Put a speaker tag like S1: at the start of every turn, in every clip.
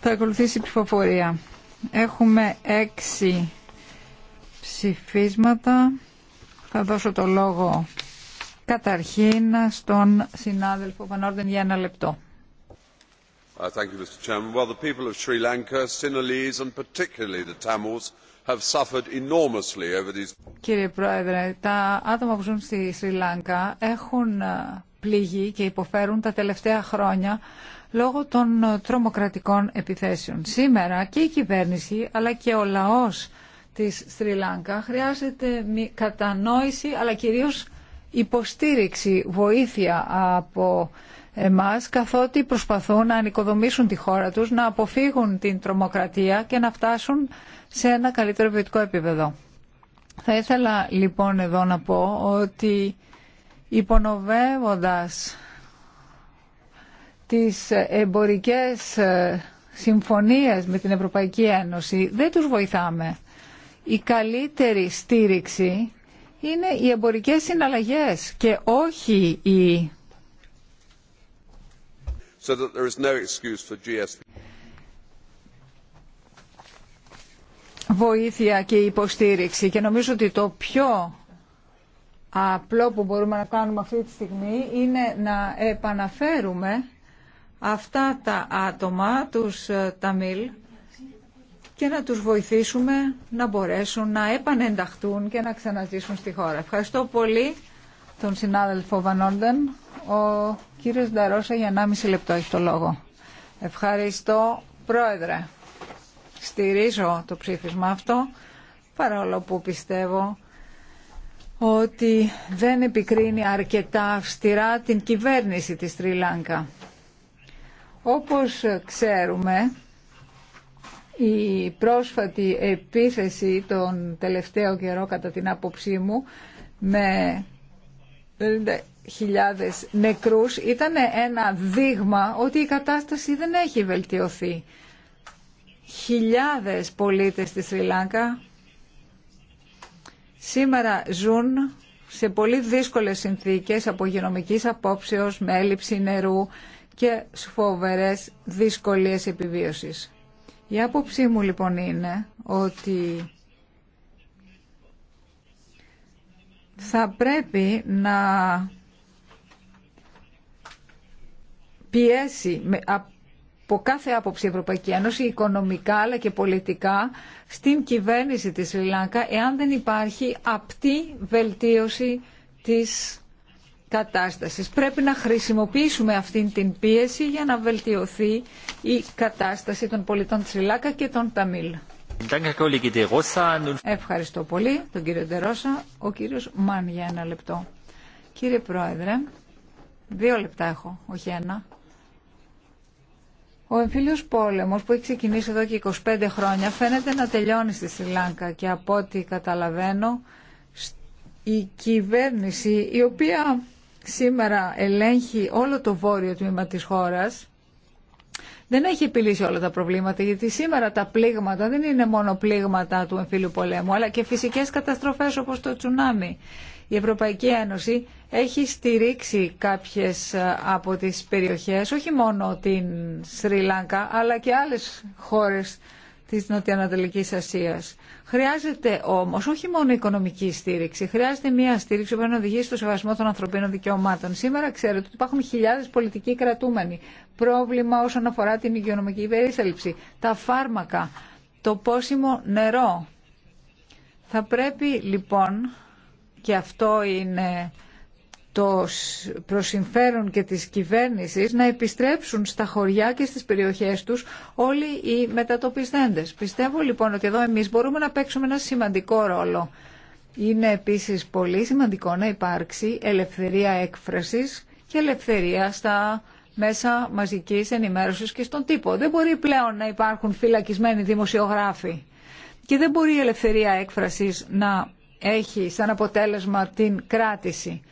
S1: Θα ακολουθήσει η ψηφοφορία. Έχουμε έξι ψηφίσματα. Θα δώσω το λόγο καταρχήν στον συνάδελφο Βανόρδεν για ένα λεπτό. Κύριε Πρόεδρε, τα άτομα που ζουν στη Σρι Λάγκα έχουν uh, πληγεί και υποφέρουν τα τελευταία χρόνια λόγω των ε, τρομοκρατικών επιθέσεων. Σήμερα και η κυβέρνηση αλλά και ο λαός της Στριλάνκα χρειάζεται κατανόηση αλλά κυρίως υποστήριξη, βοήθεια από εμάς καθότι προσπαθούν να ανοικοδομήσουν τη χώρα τους, να αποφύγουν την τρομοκρατία και να φτάσουν σε ένα καλύτερο βιωτικό επίπεδο. Θα ήθελα λοιπόν εδώ να πω ότι υπονοβεύοντας τις εμπορικές ε, συμφωνίες με την Ευρωπαϊκή Ένωση δεν τους βοηθάμε. Η καλύτερη στήριξη είναι οι εμπορικές συναλλαγές και όχι η
S2: so that there
S1: βοήθεια και υποστήριξη και νομίζω ότι το πιο απλό που μπορούμε να κάνουμε αυτή τη στιγμή είναι να επαναφέρουμε αυτά τα άτομα, τους ε, Ταμίλ, και να τους βοηθήσουμε να μπορέσουν να επανενταχτούν και να ξαναζήσουν στη χώρα. Ευχαριστώ πολύ τον συνάδελφο Βανόντεν. Ο κύριος Νταρόσα για 1,5 λεπτό έχει το λόγο. Ευχαριστώ πρόεδρε. Στηρίζω το ψήφισμα αυτό παρόλο που πιστεύω ότι δεν επικρίνει αρκετά αυστηρά την κυβέρνηση της Τριλάνκα. Όπως ξέρουμε, η πρόσφατη επίθεση τον τελευταίο καιρό κατά την άποψή μου με χιλιάδες νεκρούς ήταν ένα δείγμα ότι η κατάσταση δεν έχει βελτιωθεί. Χιλιάδες πολίτες στη Σρι Λάγκα σήμερα ζουν σε πολύ δύσκολες συνθήκες από υγειονομικής απόψεως με έλλειψη νερού και φοβερές δυσκολίες επιβίωσης. Η άποψή μου λοιπόν είναι ότι θα πρέπει να πιέσει από κάθε άποψη η Ευρωπαϊκή Ένωση, οικονομικά αλλά και πολιτικά, στην κυβέρνηση της Σρι εάν δεν υπάρχει απτή βελτίωση της κατάστασης. Πρέπει να χρησιμοποιήσουμε αυτήν την πίεση για να βελτιωθεί η κατάσταση των πολιτών της Λάκα και των Ταμίλ. Ευχαριστώ πολύ τον κύριο Ντερόσα. Ο κύριος Μάν για ένα λεπτό. Κύριε Πρόεδρε, δύο λεπτά έχω, όχι ένα. Ο εμφύλιος πόλεμος που έχει ξεκινήσει εδώ και 25 χρόνια φαίνεται να τελειώνει στη Σιλάνκα και από ό,τι καταλαβαίνω η κυβέρνηση η οποία σήμερα ελέγχει όλο το βόρειο τμήμα της χώρας, δεν έχει επιλύσει όλα τα προβλήματα, γιατί σήμερα τα πλήγματα δεν είναι μόνο πλήγματα του εμφύλου πολέμου, αλλά και φυσικές καταστροφές όπως το τσουνάμι. Η Ευρωπαϊκή Ένωση έχει στηρίξει κάποιες ε, από τις περιοχές, όχι μόνο την Σρι Λάνκα, αλλά και άλλες χώρες της Νοτιοανατολικής Ασίας. Χρειάζεται όμως όχι μόνο οικονομική στήριξη, χρειάζεται μια στήριξη που να οδηγήσει στο σεβασμό των ανθρωπίνων δικαιωμάτων. Σήμερα ξέρετε ότι υπάρχουν χιλιάδες πολιτικοί κρατούμενοι, πρόβλημα όσον αφορά την υγειονομική υπερίσταληψη. τα φάρμακα, το πόσιμο νερό. Θα πρέπει λοιπόν, και αυτό είναι το προσυμφέρον και της κυβέρνησης να επιστρέψουν στα χωριά και στις περιοχές τους όλοι οι μετατοπιστέντες. Πιστεύω λοιπόν ότι εδώ εμείς μπορούμε να παίξουμε ένα σημαντικό ρόλο. Είναι επίσης πολύ σημαντικό να υπάρξει ελευθερία έκφρασης και ελευθερία στα μέσα μαζικής ενημέρωσης και στον τύπο. Δεν μπορεί πλέον να υπάρχουν φυλακισμένοι δημοσιογράφοι και δεν μπορεί η ελευθερία έκφρασης να έχει σαν αποτέλεσμα την κράτηση.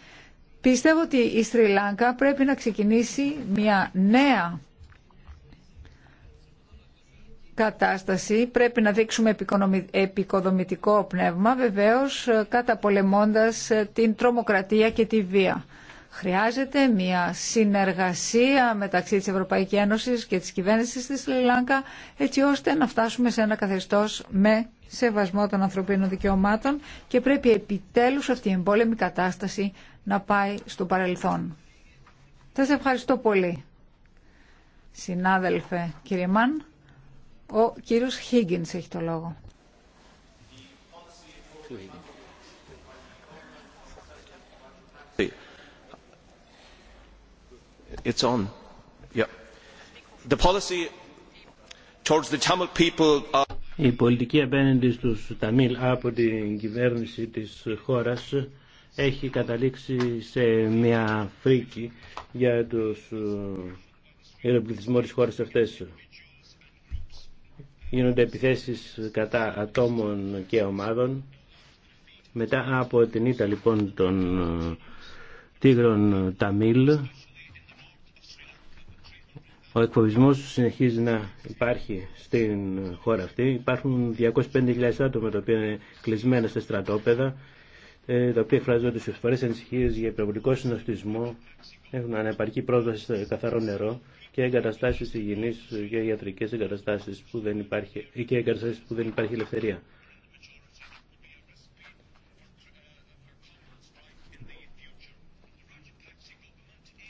S1: Πιστεύω ότι η Σρι πρέπει να ξεκινήσει μια νέα κατάσταση. Πρέπει να δείξουμε επικοδομητικό πνεύμα, βεβαίως ε, καταπολεμώντας ε, την τρομοκρατία και τη βία. Χρειάζεται μια συνεργασία μεταξύ της Ευρωπαϊκής Ένωσης και της κυβέρνησης της Λιλάνκα έτσι ώστε να φτάσουμε σε ένα καθεστώς με σεβασμό των ανθρωπίνων δικαιωμάτων και πρέπει επιτέλους αυτή η εμπόλεμη κατάσταση να πάει στο παρελθόν. Θα σε ευχαριστώ πολύ. Συνάδελφε κύριε Μαν, ο κύριος Χίγγινς έχει το λόγο.
S3: Η πολιτική απέναντι στους Ταμίλ από την κυβέρνηση της χώρας έχει καταλήξει σε μια φρίκη για, τους, για ε, της χώρας αυτές. Γίνονται επιθέσεις κατά ατόμων και ομάδων. Μετά από την ήττα λοιπόν των ε, τίγρων Ταμίλ ο εκφοβισμός συνεχίζει να υπάρχει στην χώρα αυτή. Υπάρχουν 205.000 άτομα τα οποία είναι κλεισμένα σε στρατόπεδα, ε, τα οποία εκφράζονται σε φορέ ανησυχίε για υπερβολικό συνοστισμό, έχουν ανεπαρκή πρόσβαση σε καθαρό νερό και εγκαταστάσεις υγιεινής και ιατρικές εγκαταστάσει που δεν υπάρχει, και εγκαταστάσεις που δεν υπάρχει ελευθερία.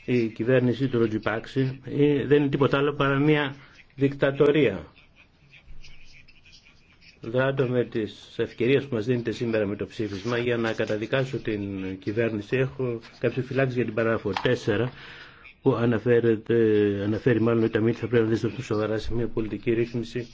S3: η κυβέρνηση του Ροτζιπάξη ε, δεν είναι τίποτα άλλο παρά μια δικτατορία. Δράτω με τις ευκαιρίες που μας δίνετε σήμερα με το ψήφισμα για να καταδικάσω την κυβέρνηση. Έχω κάποιες φυλάξεις για την παράγραφο 4 που αναφέρει μάλλον ότι τα μύτη θα πρέπει να δισταθούν σοβαρά σε μια πολιτική ρύθμιση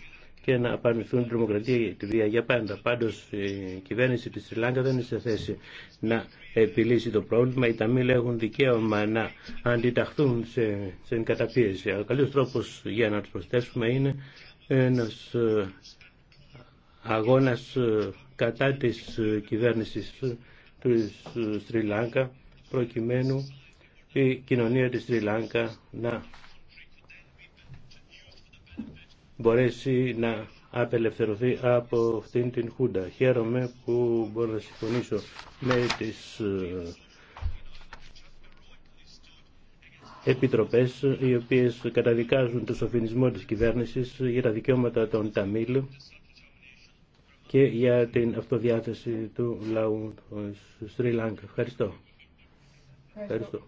S3: και να απαρνηθούν την τρομοκρατία και τη βία για πάντα. Πάντω η κυβέρνηση τη Σρι δεν είναι σε θέση να επιλύσει το πρόβλημα. Οι Ταμίλ έχουν δικαίωμα να αντιταχθούν σε, σε καταπίεση. Ο καλύτερο τρόπο για να του προσθέσουμε είναι ένα ε, αγώνα ε, κατά τη ε, κυβέρνηση του Σρι προκειμένου η κοινωνία της Σρι να μπορέσει να απελευθερωθεί από αυτήν την Χούντα. Χαίρομαι που μπορώ να συμφωνήσω με τις ε, επιτροπές οι οποίες καταδικάζουν το σοφινισμό της κυβέρνησης για τα δικαιώματα των Ταμίλ και για την αυτοδιάθεση του λαού Σρι Λάγκα. Ευχαριστώ. Ευχαριστώ.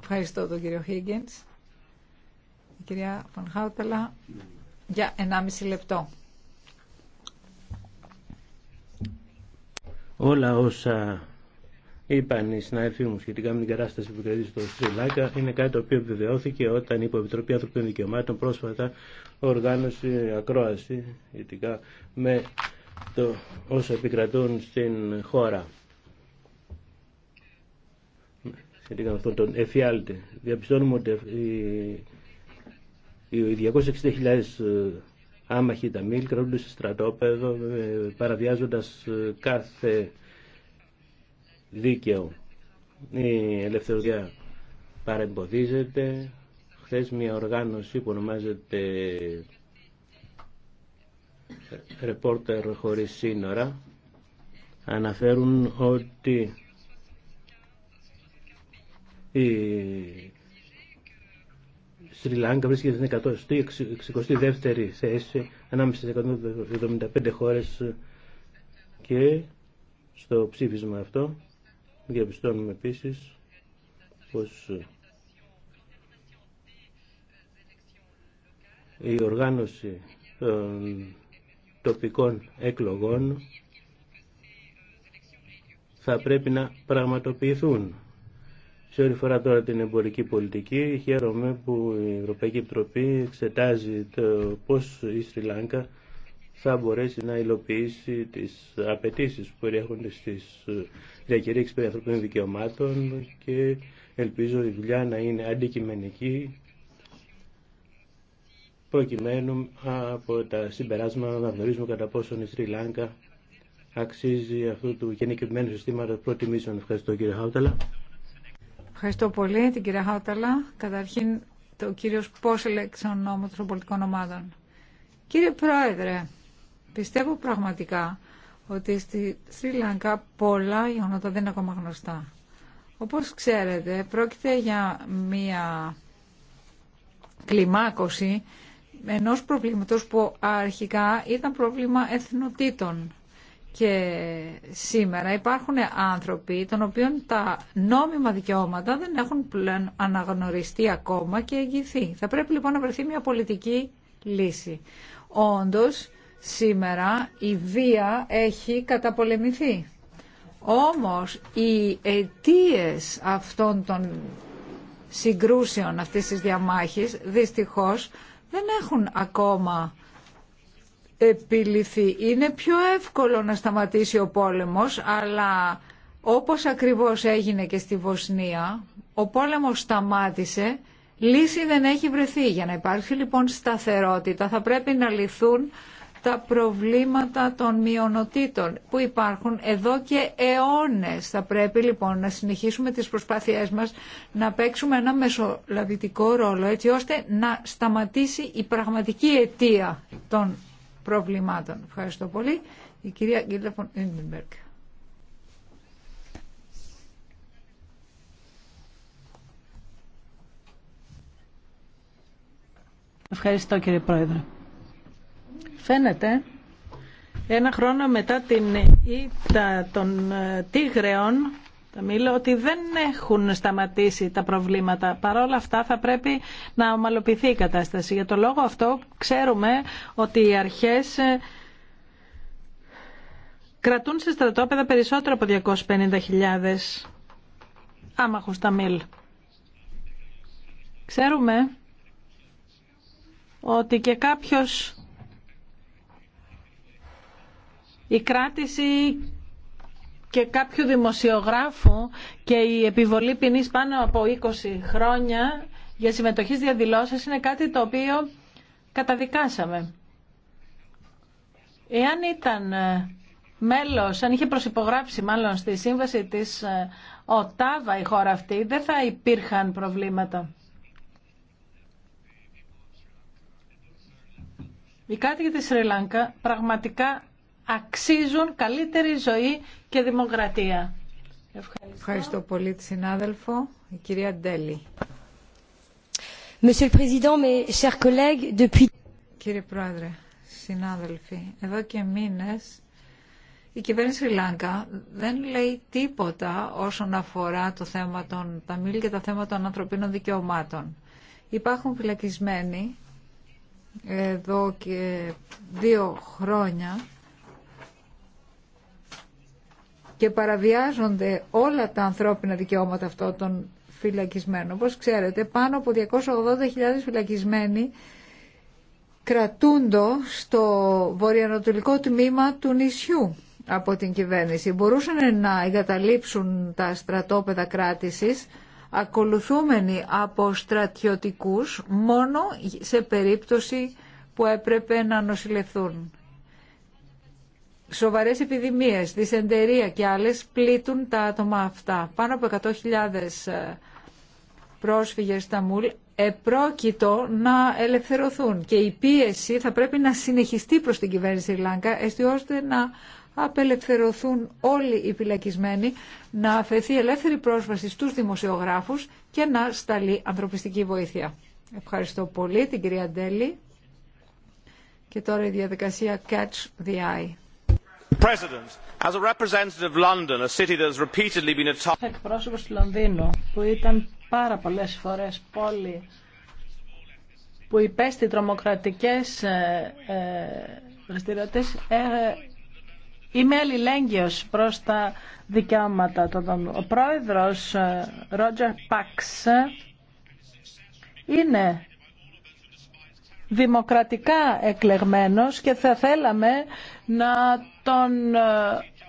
S1: Ευχαριστώ τον κύριο Higgins κυρία Φανχάουτελα για 1,5 λεπτό.
S3: Όλα όσα είπαν οι συνάδελφοί μου σχετικά με την κατάσταση που κρατήσε στο Σρι είναι κάτι το οποίο επιβεβαιώθηκε όταν η Υποεπιτροπή Ανθρωπίνων Δικαιωμάτων πρόσφατα οργάνωσε ακρόαση σχετικά με το όσα επικρατούν στην χώρα. Σχετικά με αυτόν τον εφιάλτη. Διαπιστώνουμε ότι οι 260.000 ε, άμαχοι Ταμίλ κρατούνται σε στρατόπεδο ε, παραβιάζοντας ε, κάθε δίκαιο. Η ελευθερία παρεμποδίζεται. Χθες μια οργάνωση που ονομάζεται ρεπόρτερ χωρίς σύνορα αναφέρουν ότι η Σρι Λάγκα βρίσκεται στην 62η θέση ανάμεσα σε 175 χώρες και στο ψήφισμα αυτό διαπιστώνουμε επίσης πως η οργάνωση των τοπικών εκλογών θα πρέπει να πραγματοποιηθούν σε όλη φορά τώρα την εμπορική πολιτική, χαίρομαι που η Ευρωπαϊκή Επιτροπή εξετάζει το πώς η Σρι Λάγκα θα μπορέσει να υλοποιήσει τις απαιτήσει που περιέχονται στις διακηρύξεις περί ανθρωπίνων δικαιωμάτων και ελπίζω η δουλειά να είναι αντικειμενική προκειμένου από τα συμπεράσματα να γνωρίζουμε κατά πόσον η Σρι Λάγκα αξίζει αυτού του γενικευμένου συστήματος προτιμήσεων. Ευχαριστώ κύριε Χάουταλα. Ευχαριστώ
S1: πολύ την κυρία Χάουταλα. Καταρχήν το κύριο Σπόσελεξ, ο νόμο των πολιτικών ομάδων. Κύριε Πρόεδρε, πιστεύω πραγματικά ότι στη Σρι Λαγκά πολλά γεγονότα δεν είναι ακόμα γνωστά. Όπως ξέρετε, πρόκειται για μία κλιμάκωση ενός προβλήματος που αρχικά ήταν πρόβλημα εθνοτήτων. Και σήμερα υπάρχουν άνθρωποι των οποίων τα νόμιμα δικαιώματα δεν έχουν πλέον αναγνωριστεί ακόμα και εγγυηθεί. Θα πρέπει λοιπόν να βρεθεί μια πολιτική λύση. Όντως, σήμερα η βία έχει καταπολεμηθεί. Όμως, οι αιτίε αυτών των συγκρούσεων αυτής της διαμάχης, δυστυχώς, δεν έχουν ακόμα επιληθεί. Είναι πιο εύκολο να σταματήσει ο πόλεμος, αλλά όπως ακριβώς έγινε και στη Βοσνία, ο πόλεμος σταμάτησε, λύση δεν έχει βρεθεί. Για να υπάρξει λοιπόν σταθερότητα θα πρέπει να λυθούν τα προβλήματα των μειονοτήτων που υπάρχουν εδώ και αιώνες. Θα πρέπει λοιπόν να συνεχίσουμε τις προσπάθειές μας να παίξουμε ένα μεσολαβητικό ρόλο έτσι ώστε να σταματήσει η πραγματική αιτία των προβλημάτων. Ευχαριστώ πολύ. Η κυρία Γκίλτα Φον
S2: Ευχαριστώ κύριε Πρόεδρε. Φαίνεται ένα χρόνο μετά την ήττα των ε, τίγρεων τα μήλα, ότι δεν έχουν σταματήσει τα προβλήματα. Παρ' όλα αυτά θα πρέπει να ομαλοποιηθεί η κατάσταση. Για το λόγο αυτό ξέρουμε ότι οι αρχές ε, κρατούν σε στρατόπεδα περισσότερο από 250.000 άμαχους τα μήλ. Ξέρουμε ότι και κάποιος η κράτηση και κάποιου δημοσιογράφου και η επιβολή ποινή πάνω από 20 χρόνια για συμμετοχή διαδηλώσεις είναι κάτι το οποίο καταδικάσαμε. Εάν ήταν ε, μέλος, αν είχε προσυπογράψει μάλλον στη σύμβαση της ε, ΟΤΑΒΑ η χώρα αυτή, δεν θα υπήρχαν προβλήματα. Οι κάτοικοι της Σρι Λάγκα πραγματικά αξίζουν καλύτερη
S1: ζωή και δημοκρατία. Ευχαριστώ, πολύ τη συνάδελφο, η κυρία Ντέλη. Monsieur Κύριε Πρόεδρε, συνάδελφοι, εδώ και μήνες η κυβέρνηση Σρι δεν λέει τίποτα όσον αφορά το θέμα των Ταμίλ και τα θέματα των ανθρωπίνων δικαιωμάτων. Υπάρχουν φυλακισμένοι εδώ και δύο χρόνια και παραβιάζονται όλα τα ανθρώπινα δικαιώματα αυτών των φυλακισμένων. Όπως ξέρετε, πάνω από 280.000 φυλακισμένοι κρατούντο στο βορειοανατολικό τμήμα του νησιού από την κυβέρνηση. Μπορούσαν να εγκαταλείψουν τα στρατόπεδα κράτησης ακολουθούμενοι από στρατιωτικούς μόνο σε περίπτωση που έπρεπε να νοσηλευθούν σοβαρές επιδημίες, δυσεντερία και άλλες πλήττουν τα άτομα αυτά. Πάνω από 100.000 ε, πρόσφυγες στα ΜΟΥΛ επρόκειτο να ελευθερωθούν και η πίεση θα πρέπει να συνεχιστεί προς την κυβέρνηση Ιρλάνκα ώστε να απελευθερωθούν όλοι οι φυλακισμένοι, να αφαιθεί ελεύθερη πρόσβαση στους δημοσιογράφους και να σταλεί ανθρωπιστική βοήθεια. Ευχαριστώ πολύ την κυρία Ντέλη και τώρα η διαδικασία Catch the Eye. Εκπρόσωπος του Λονδίνου που ήταν
S2: πάρα πολλές φορές πόλη που υπέστη τρομοκρατικές ε, ε, δραστηριότητε, ε, είμαι αλληλέγγυος προς τα δικαιώματα των Ο πρόεδρος Ρότζερ Παξ είναι δημοκρατικά εκλεγμένος και θα θέλαμε να τον ε,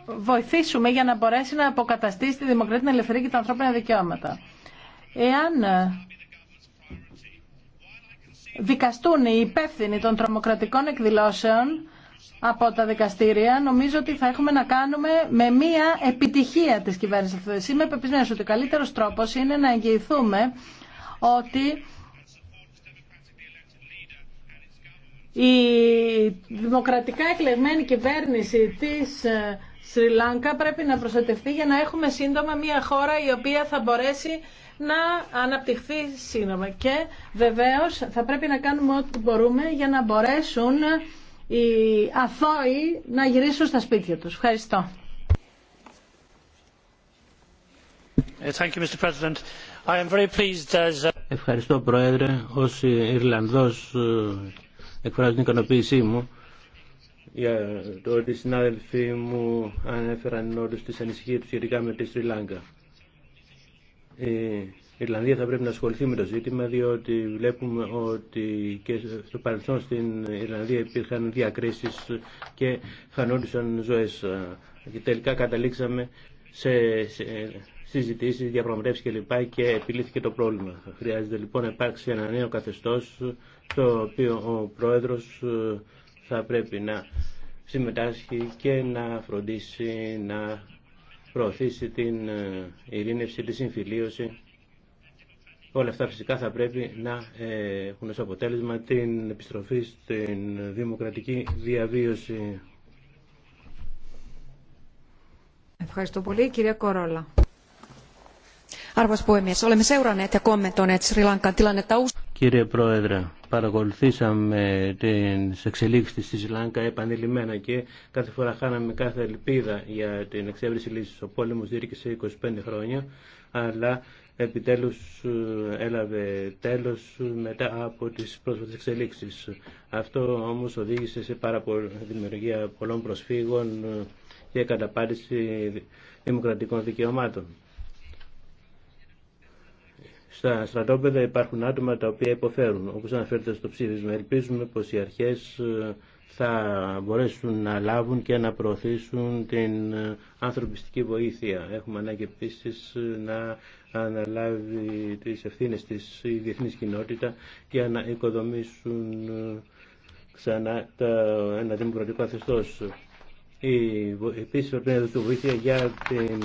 S2: βοηθήσουμε για να μπορέσει να αποκαταστήσει τη δημοκρατία, την ελευθερία και τα ανθρώπινα δικαιώματα. Εάν ε, δικαστούν οι υπεύθυνοι των τρομοκρατικών εκδηλώσεων από τα δικαστήρια, νομίζω ότι θα έχουμε να κάνουμε με μία επιτυχία της κυβέρνησης Είμαι πεπισμένος ότι ο καλύτερος τρόπος είναι να εγγυηθούμε ότι η δημοκρατικά εκλεγμένη κυβέρνηση της ε, Σρι πρέπει να προστατευτεί για να έχουμε σύντομα μια χώρα η οποία θα μπορέσει να αναπτυχθεί σύντομα. Και βεβαίως θα πρέπει να κάνουμε ό,τι μπορούμε για να μπορέσουν οι αθώοι να γυρίσουν στα σπίτια τους. Ευχαριστώ.
S3: Ε, ε, Ευχαριστώ Πρόεδρε. Ως Ιρλανδός εκφράζω την ικανοποίησή μου για το ότι οι συνάδελφοί μου ανέφεραν όλους τις ανησυχίες τους σχετικά με τη Σρι Λάγκα. Η Ιρλανδία θα πρέπει να ασχοληθεί με το ζήτημα διότι βλέπουμε ότι και στο παρελθόν στην Ιρλανδία υπήρχαν διακρίσεις και χανόντουσαν ζωές και τελικά καταλήξαμε σε συζητήσεις, διαπραγματεύσεις κλπ. Και, και επιλύθηκε το πρόβλημα. Χρειάζεται λοιπόν να υπάρξει ένα νέο καθεστώς στο οποίο ο Πρόεδρος ε, θα πρέπει να συμμετάσχει και να φροντίσει να προωθήσει την ε, ειρήνευση, τη συμφιλίωση. Όλα αυτά φυσικά θα πρέπει να ε, έχουν ως αποτέλεσμα την επιστροφή στην δημοκρατική διαβίωση.
S1: Ευχαριστώ πολύ κυρία Κορόλα.
S3: Κύριε Πρόεδρε, παρακολουθήσαμε τι εξελίξει στη Σρι Λάγκα επανειλημμένα και κάθε φορά χάναμε κάθε ελπίδα για την εξέβριση λύσης. Ο πόλεμος διήρκησε 25 χρόνια, αλλά επιτέλους ε, έλαβε τέλος μετά από τις πρόσφατες εξελίξει. Αυτό όμως οδήγησε σε πάρα πολλή δημιουργία πολλών προσφύγων ε, και καταπάτηση δημοκρατικών δικαιωμάτων. Στα στρατόπεδα υπάρχουν άτομα τα οποία υποφέρουν, όπως αναφέρεται στο ψήφισμα. Ελπίζουμε πως οι αρχές ε, θα μπορέσουν να λάβουν και να προωθήσουν την ε, ανθρωπιστική βοήθεια. Έχουμε ανάγκη επίση ε, να αναλάβει τις ευθύνες της η διεθνής κοινότητα για να οικοδομήσουν ξανά ένα δημοκρατικό αθεστώς. Επίση πρέπει να δοθεί βοήθεια για την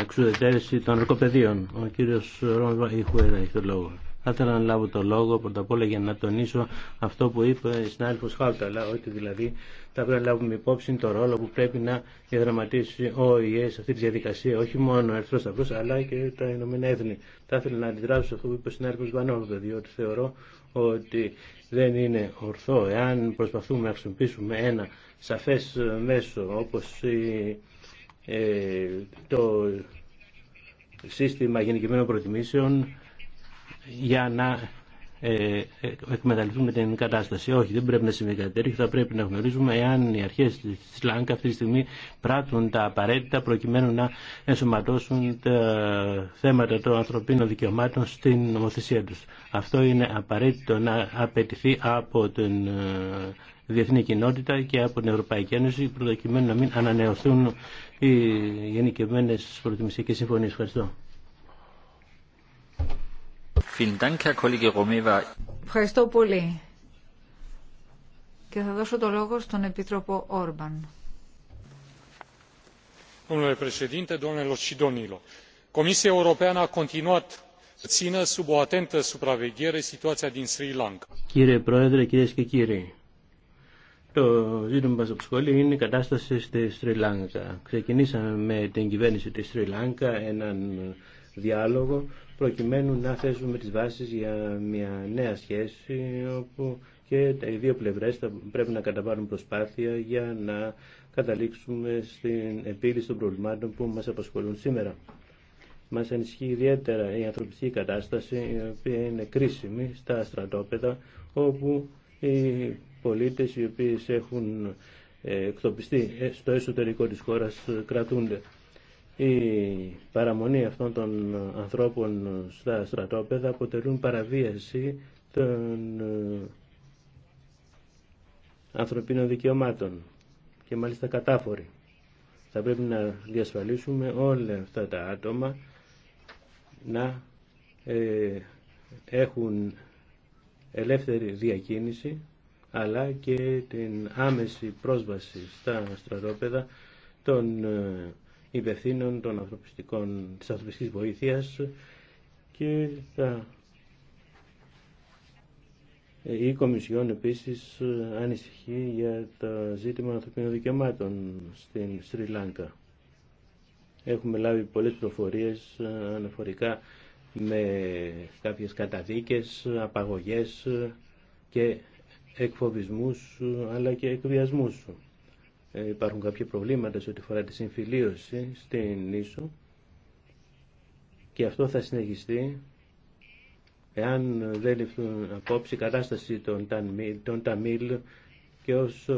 S3: εξουδετερήση των αρκοπαιδίων. Ο κύριο Ρόμβα είχε έχει το λόγο. Θα ήθελα να λάβω το λόγο πρώτα απ' όλα για να τονίσω αυτό που είπε η συνάδελφο Χάουταλα, ότι δηλαδή θα πρέπει να λάβουμε υπόψη το ρόλο που πρέπει να διαδραματίσει ο ΙΕ σε αυτή τη διαδικασία, όχι μόνο ο Ερθρό Σταυρό, αλλά και τα Ηνωμένα Έθνη. Θα ήθελα να αντιδράσω σε αυτό που είπε ο συνάδελφο Βανόβδο, διότι θεωρώ ότι δεν είναι ορθό εάν προσπαθούμε να χρησιμοποιήσουμε ένα σαφές μέσο όπως η, ε, το σύστημα γενικημένων προτιμήσεων για να ε, ε, εκμεταλλευτούμε την κατάσταση. Όχι, δεν πρέπει να συμβεί κάτι τέτοιο. Θα πρέπει να γνωρίζουμε εάν οι αρχέ τη ΛΑΝΚΑ αυτή τη στιγμή πράττουν τα απαραίτητα προκειμένου να ενσωματώσουν τα θέματα των ανθρωπίνων δικαιωμάτων στην νομοθεσία του. Αυτό είναι απαραίτητο να απαιτηθεί από την ε, διεθνή κοινότητα και από την Ευρωπαϊκή Ένωση προκειμένου να μην ανανεωθούν οι γενικευμένε προτιμησιακέ συμφωνίε. Ευχαριστώ.
S1: Ευχαριστώ πολύ. Και θα δώσω το λόγο στον Επίτροπο Όρμπαν.
S3: Κύριε Πρόεδρε, κυρίε και κύριοι, το ζήτημα μας από σχολή είναι η κατάσταση στη Σρι Λάγκα. Ξεκινήσαμε με την κυβέρνηση τη Σρι Λάγκα έναν διάλογο προκειμένου να θέσουμε τις βάσεις για μια νέα σχέση όπου και οι δύο πλευρές θα πρέπει να καταβάλουν προσπάθεια για να καταλήξουμε στην επίλυση των προβλημάτων που μας απασχολούν σήμερα. Μας ενισχύει ιδιαίτερα η ανθρωπιστική κατάσταση η οποία είναι κρίσιμη στα στρατόπεδα όπου οι πολίτες οι οποίοι έχουν ε, εκτοπιστεί στο εσωτερικό της χώρας ε, κρατούνται. Η παραμονή αυτών των ανθρώπων στα στρατόπεδα αποτελούν παραβίαση των ε, ανθρωπίνων δικαιωμάτων και μάλιστα κατάφορη. Θα πρέπει να διασφαλίσουμε όλα αυτά τα άτομα να ε, έχουν ελεύθερη διακίνηση αλλά και την άμεση πρόσβαση στα στρατόπεδα των ε, υπευθύνων των ανθρωπιστικών, της ανθρωπιστικής βοήθειας και η Κομισιόν επίσης ε, ανησυχεί για τα ζήτημα ανθρωπίνων δικαιωμάτων στην Σρι Λάγκα. Έχουμε λάβει πολλές προφορίες ε, αναφορικά με κάποιες καταδίκες, απαγωγές ε, και εκφοβισμούς αλλά και εκβιασμούς. Ε, υπάρχουν κάποια προβλήματα σε ό,τι φορά τη συμφιλίωση στην ίσο και αυτό θα συνεχιστεί εάν δεν ληφθούν απόψη η κατάσταση των Ταμίλ και όσο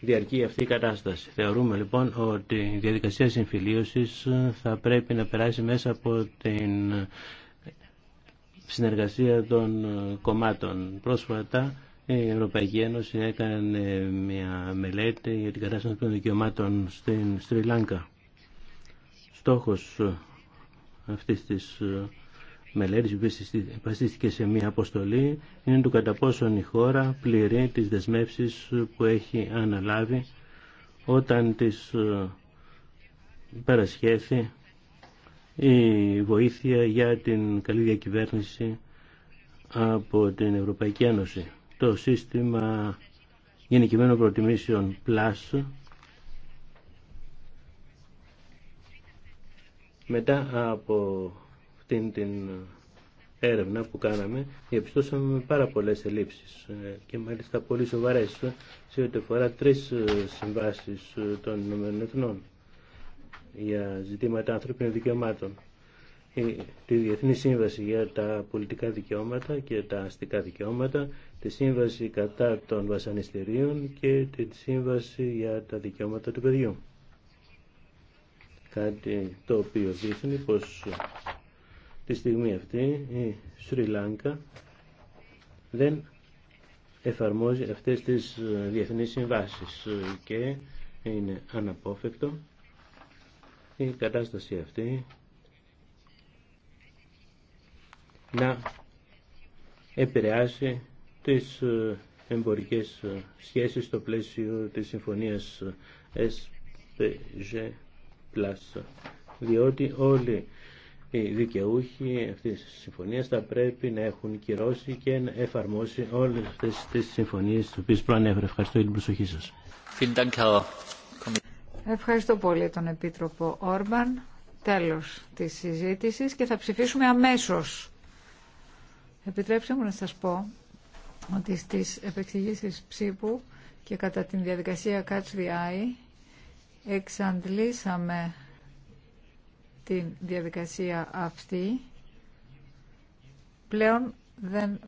S3: διαρκεί αυτή η κατάσταση. Θεωρούμε λοιπόν ότι η διαδικασία συμφιλίωσης θα πρέπει να περάσει μέσα από την συνεργασία των κομμάτων. Πρόσφατα η Ευρωπαϊκή Ένωση έκανε μια μελέτη για την κατάσταση των δικαιωμάτων στην Στριλάνκα. Λάγκα. Στόχος αυτής της μελέτης που βασίστηκε σε μια αποστολή είναι του κατά πόσον η χώρα πληρεί τις δεσμεύσεις που έχει αναλάβει όταν της παρασχέθη η βοήθεια για την καλή διακυβέρνηση από την Ευρωπαϊκή Ένωση το σύστημα γενικημένων προτιμήσεων Plus μετά από αυτήν την έρευνα που κάναμε διαπιστώσαμε πάρα πολλές ελλείψεις ε, και μάλιστα πολύ σοβαρές σε ό,τι αφορά τρεις ε, συμβάσεις ε, των Ηνωμένων για ζητήματα ανθρωπίνων δικαιωμάτων τη Διεθνή Σύμβαση για τα πολιτικά δικαιώματα και τα αστικά δικαιώματα, τη Σύμβαση κατά των βασανιστήριων και τη Σύμβαση για τα δικαιώματα του παιδιού. Κάτι το οποίο δείχνει πως τη στιγμή αυτή η Σρι Λάνκα δεν εφαρμόζει αυτές τις διεθνείς συμβάσεις και είναι αναπόφευκτο η κατάσταση αυτή να επηρεάσει τις ε, εμπορικές ε, σχέσεις στο πλαίσιο της συμφωνίας ε, SPG+. Διότι όλοι οι δικαιούχοι αυτής της συμφωνίας θα πρέπει να έχουν κυρώσει και να εφαρμόσει όλες αυτές τις συμφωνίες τις οποίες προανέφερα. Ευχαριστώ για την προσοχή σας.
S1: Ευχαριστώ πολύ τον Επίτροπο Όρμπαν. Τέλος της συζήτησης και θα ψηφίσουμε αμέσως. Επιτρέψτε μου να σας πω ότι στις επεξηγήσεις ψήφου και κατά την διαδικασία Catch the Eye εξαντλήσαμε την διαδικασία αυτή. Πλέον δεν